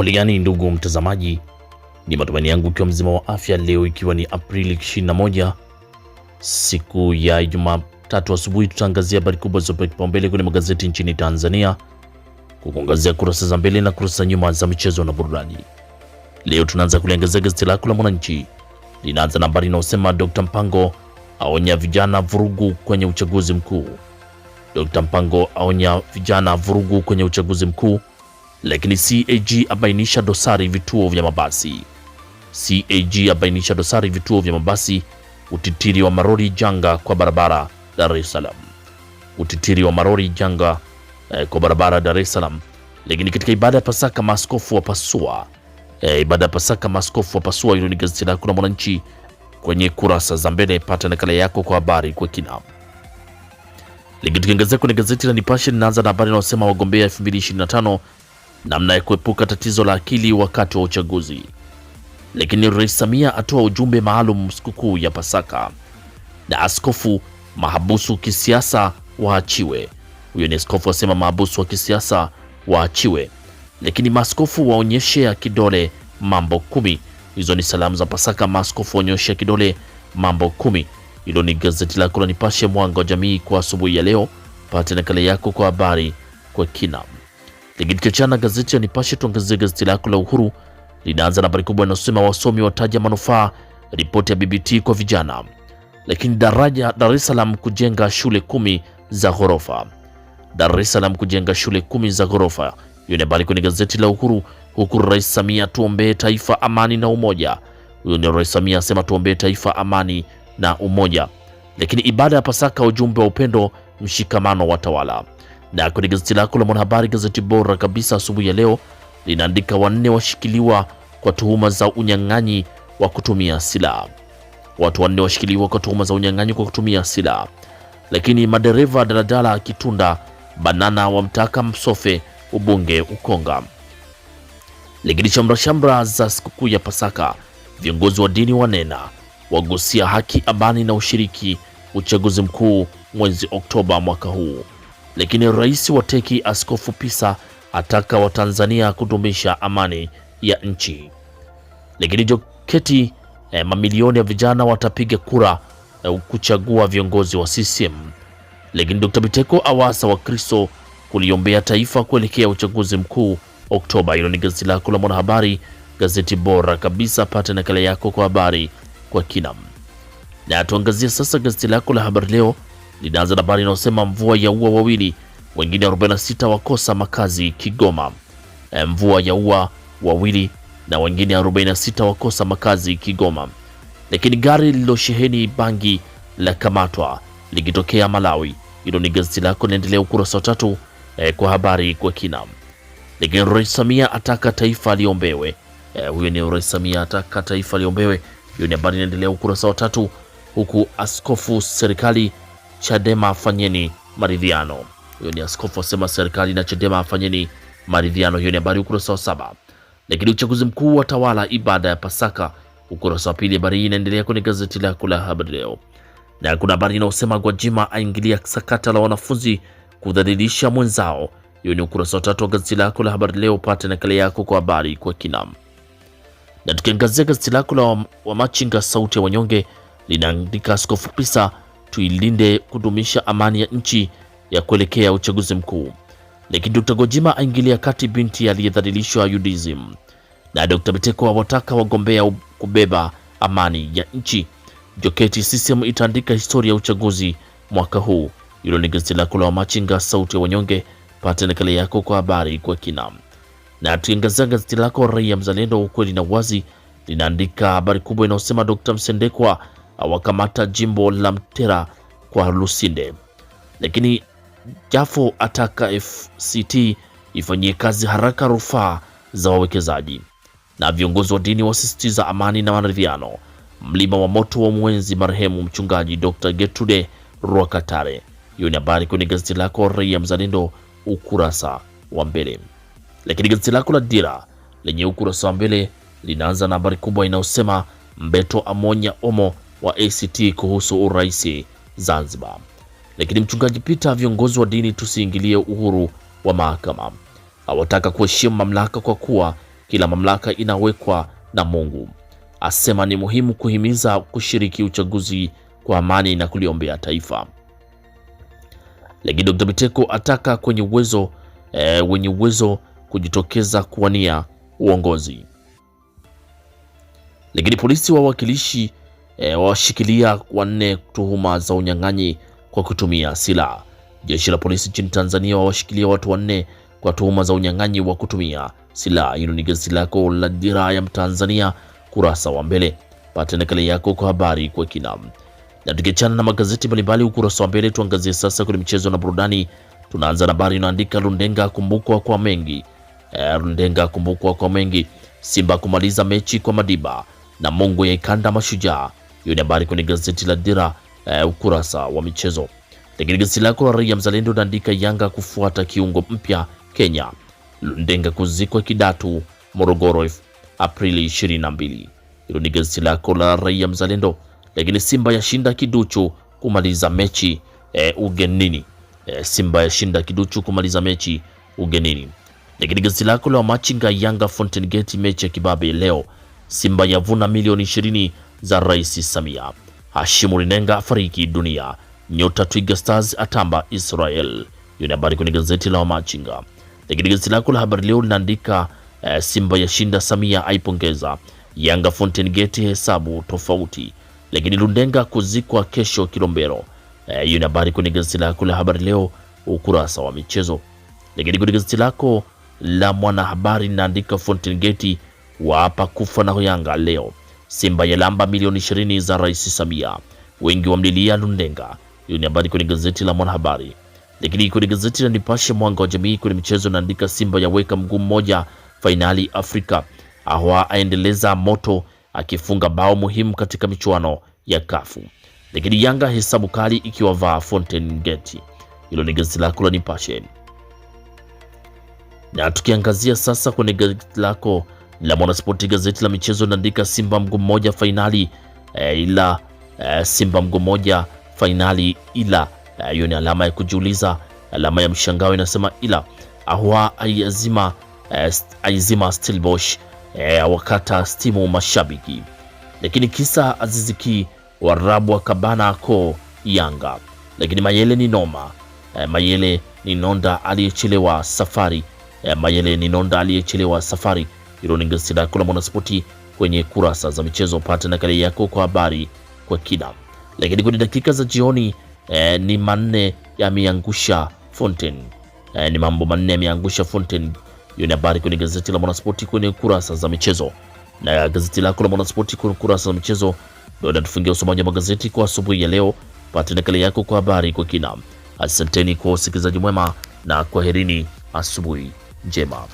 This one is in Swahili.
gani ndugu mtazamaji, ni matumaini yangu ikiwa mzima wa afya leo, ikiwa ni Aprili 21 siku ya Jumatatu asubuhi, tutaangazia habari kubwa zilizopewa kipaumbele kwenye magazeti nchini Tanzania, kukuangazia kurasa za mbele na kurasa za nyuma za michezo na burudani. Leo tunaanza kuliangazia gazeti lako la Mwananchi, linaanza na habari inayosema Dr. Mpango aonya vijana vurugu kwenye uchaguzi mkuu. Dr. Mpango aonya vijana vurugu kwenye uchaguzi mkuu lakini CAG abainisha dosari vituo vya mabasi. CAG abainisha dosari vituo vya mabasi. Utitiri wa marori janga kwa barabara Dar es Salaam. Utitiri wa marori janga eh, kwa barabara Dar es Salaam. Lakini katika ibada ya Pasaka maaskofu pasua eh, ibada ya Pasaka maaskofu wapasua. Hilo ni gazeti lako la Mwananchi kwenye kurasa za mbele, pata nakala yako kwa habari kwa kina. Lakini tukiangazia kwenye gazeti la Nipashe, ninaanza na habari inayosema wagombea 2025 namna ya kuepuka tatizo la akili wakati wa uchaguzi. Lakini Rais Samia atoa ujumbe maalum sikukuu ya Pasaka, na askofu mahabusu kisiasa waachiwe. Huyo ni askofu asema mahabusu wa kisiasa waachiwe, lakini maaskofu waonyeshea kidole mambo kumi. Hizo ni salamu za Pasaka, maaskofu waonyeshea kidole mambo kumi. Hilo ni gazeti lako la Nipashe, mwanga wa jamii, kwa asubuhi ya leo. Pate nakala yako kwa habari kwa kina. Lakini gazeti ya Nipashe, tuangazie gazeti lako la Uhuru linaanza na habari kubwa inayosema wasomi wataja manufaa ripoti ya BBT kwa vijana. Lakini daraja Dar es Salaam kujenga shule kumi za ghorofa. Dar es Salaam kujenga shule kumi za ghorofa, hiyo ni habari kwenye gazeti la Uhuru. Huku Rais Samia, tuombee taifa amani na umoja. Huyo ni Rais Samia asema tuombee taifa amani na umoja. Lakini ibada ya Pasaka, ujumbe wa upendo, mshikamano watawala. Na kwenye gazeti lako la Mwanahabari, gazeti bora kabisa asubuhi ya leo linaandika wanne washikiliwa kwa tuhuma za unyang'anyi wa kutumia silaha. Watu wanne washikiliwa kwa tuhuma za unyang'anyi kwa kutumia silaha. Lakini madereva daladala Kitunda banana wamtaka Msofe ubunge Ukonga. Lakini shamra za sikukuu ya Pasaka, viongozi wa dini wanena wagusia haki, amani na ushiriki uchaguzi mkuu mwezi Oktoba mwaka huu. Lakini rais wa teki Askofu Pisa ataka Watanzania kudumisha amani ya nchi. Lakini joketi eh, mamilioni ya vijana watapiga kura eh, kuchagua viongozi wa CCM. Lakini Dr. Biteko awasa Wakristo kuliombea taifa kuelekea uchaguzi mkuu Oktoba. Hilo ni gazeti lako la Mwanahabari, gazeti bora kabisa. pate nakala yako kwa habari kwa kina, na tuangazia sasa gazeti lako la Habari Leo linaanza na habari inayosema mvua ya ua wawili, wengine 46 wakosa makazi Kigoma. E, mvua ya ua wawili na wengine 46 wakosa makazi Kigoma. Lakini gari lililosheheni bangi la kamatwa likitokea Malawi. Hilo ni gazeti lako, linaendelea ukurasa wa tatu eh, kwa habari kwa kina. Lakini Rais Samia ataka taifa liombewe. Eh, huyo ni Rais Samia ataka taifa liombewe. Hiyo ni habari inaendelea ukurasa wa tatu, huku askofu serikali Chadema afanyeni maridhiano. Huyo ni askofu asema serikali na Chadema afanyeni maridhiano. Hiyo ni habari ukurasa wa saba. Lakini uchaguzi mkuu wa tawala ibada ya Pasaka, ukurasa wa pili. Habari hii inaendelea kwenye gazeti lako la habari leo, na kuna habari inayosema Gwajima aingilia sakata la wanafunzi kudhalilisha mwenzao. Hiyo ni ukurasa wa tatu wa gazeti lako la habari leo, pate nakala yako kwa habari kwa kinam. Na tukiangazia gazeti lako la Wamachinga sauti ya wanyonge linaandika askofu Pisa tuilinde kudumisha amani ya nchi ya kuelekea uchaguzi mkuu. Lakini Dr. gojima aingilia kati binti aliyedhalilishwa UDSM, na Dr. Biteko awataka wagombea kubeba amani ya nchi. Joketi CCM itaandika historia ya uchaguzi mwaka huu. Hilo ni gazeti lako la Wamachinga, sauti ya wanyonge. Pata nakala yako kwa habari kwa kina. Na tuiangazia gazeti lako Raia Mzalendo, ukweli na uwazi, linaandika habari kubwa inayosema Dr. Msendekwa awakamata jimbo la Mtera kwa Lusinde. Lakini Jafo ataka FCT ifanyie kazi haraka rufaa za wawekezaji, na viongozi wa dini wasisitiza amani na maridhiano. Mlima wa moto wa mwenzi marehemu mchungaji Dr. Getrude Rwakatare. Hiyo ni habari kwenye gazeti lako Raia Mzalendo ukurasa wa mbele. Lakini gazeti lako la Dira lenye ukurasa wa mbele linaanza na habari kubwa inayosema Mbeto amonya Omo wa ACT kuhusu urais Zanzibar. Lakini mchungaji pita viongozi wa dini tusiingilie uhuru wa mahakama. Hawataka kuheshimu mamlaka kwa kuwa kila mamlaka inawekwa na Mungu. Asema ni muhimu kuhimiza kushiriki uchaguzi kwa amani na kuliombea taifa. Lakini Dr. Biteko ataka kwenye uwezo e, wenye uwezo kujitokeza kuwania uongozi. Lakini polisi wawakilishi e, washikilia wanne tuhuma za unyang'anyi kwa kutumia silaha. Jeshi la polisi nchini Tanzania wawashikilia watu wanne kwa tuhuma za unyang'anyi wa kutumia silaha. Hilo ni gazeti lako la Dira ya Mtanzania kurasa wa mbele, pata nakala yako kwa habari kwa kina. Na tukiachana na magazeti mbalimbali ukurasa wa mbele, tuangazie sasa kwenye michezo na burudani. Tunaanza na habari inaandika Rundenga kumbukwa kwa mengi e, Rundenga kumbukwa kwa mengi. Simba kumaliza mechi kwa Madiba na Mungu yaikanda mashujaa hiyo ni habari kwenye gazeti la Dira uh, ukurasa wa michezo. Lakini gazeti lako la Raia Mzalendo naandika Yanga kufuata kiungo mpya Kenya, Lundenga kuzikwa Kidatu Morogoro Aprili 22. Hilo ni gazeti lako la Raia Mzalendo. Lakini Simba yashinda kiduchu kumaliza mechi e, ugenini. E, Simba yashinda kiduchu kumaliza mechi ugenini. Lakini gazeti lako la Machinga Yanga Fountain Gate mechi ya kibabe leo. Simba yavuna milioni za Rais Samia. Hashimu Linenga afariki dunia, nyota Twiga Stars atamba Israel. Hiyo ni habari kwenye gazeti la Wamachinga. Lakini gazeti lako la Habari Leo linaandika eh, Simba yashinda, Samia aipongeza Yanga, Fountain Gate hesabu tofauti, lakini Lundenga kuzikwa kesho Kilombero. Eh, hiyo ni habari kwenye gazeti lako la Habari Leo ukurasa wa michezo. Lakini kwenye gazeti lako la Mwanahabari linaandika Fountain Gate waapa kufa na Yanga leo Simba ya lamba milioni 20 za Rais Samia, wengi wamlilia Lundenga. Hiyo ni habari kwenye gazeti la Mwanahabari, lakini kwenye gazeti la Nipashe Mwanga wa Jamii kwenye michezo naandika Simba yaweka mguu mmoja fainali Afrika, ahwa aendeleza moto akifunga bao muhimu katika michuano ya Kafu, lakini Yanga hesabu kali ikiwavaa Fountain Gate. Hilo ni gazeti lako la Nipashe na tukiangazia sasa kwenye gazeti lako la Mwanaspoti gazeti la michezo linaandika Simba mgu mmoja fainali e, ila e, Simba mgu mmoja fainali ila eh, hiyo e, ni alama ya kujiuliza, alama ya mshangao inasema ila ahwa aizima e, aizima Stellenbosch e, wakata stimu mashabiki, lakini kisa aziziki warabu wa kabana ko Yanga, lakini Mayele ni noma e, Mayele ni nonda aliyechelewa safari e, Mayele ni nonda aliyechelewa safari Ironi gazeti lako la Mwanaspoti kwenye kurasa za michezo, pata nakala yako kwa habari kwa kina. Lakini kwenye dakika za jioni eh, ni manne yameangusha Fountain eh, ni mambo manne yameangusha Fountain. Hiyo ni habari kwenye gazeti la Mwanaspoti kwenye kurasa za michezo, na gazeti lako la Mwanaspoti kwenye kurasa za michezo ndio natufungia usomaji wa magazeti kwa asubuhi ya leo. Pata nakala yako kwa habari kwa kina. Asanteni kwa usikilizaji mwema na kwaherini, asubuhi njema.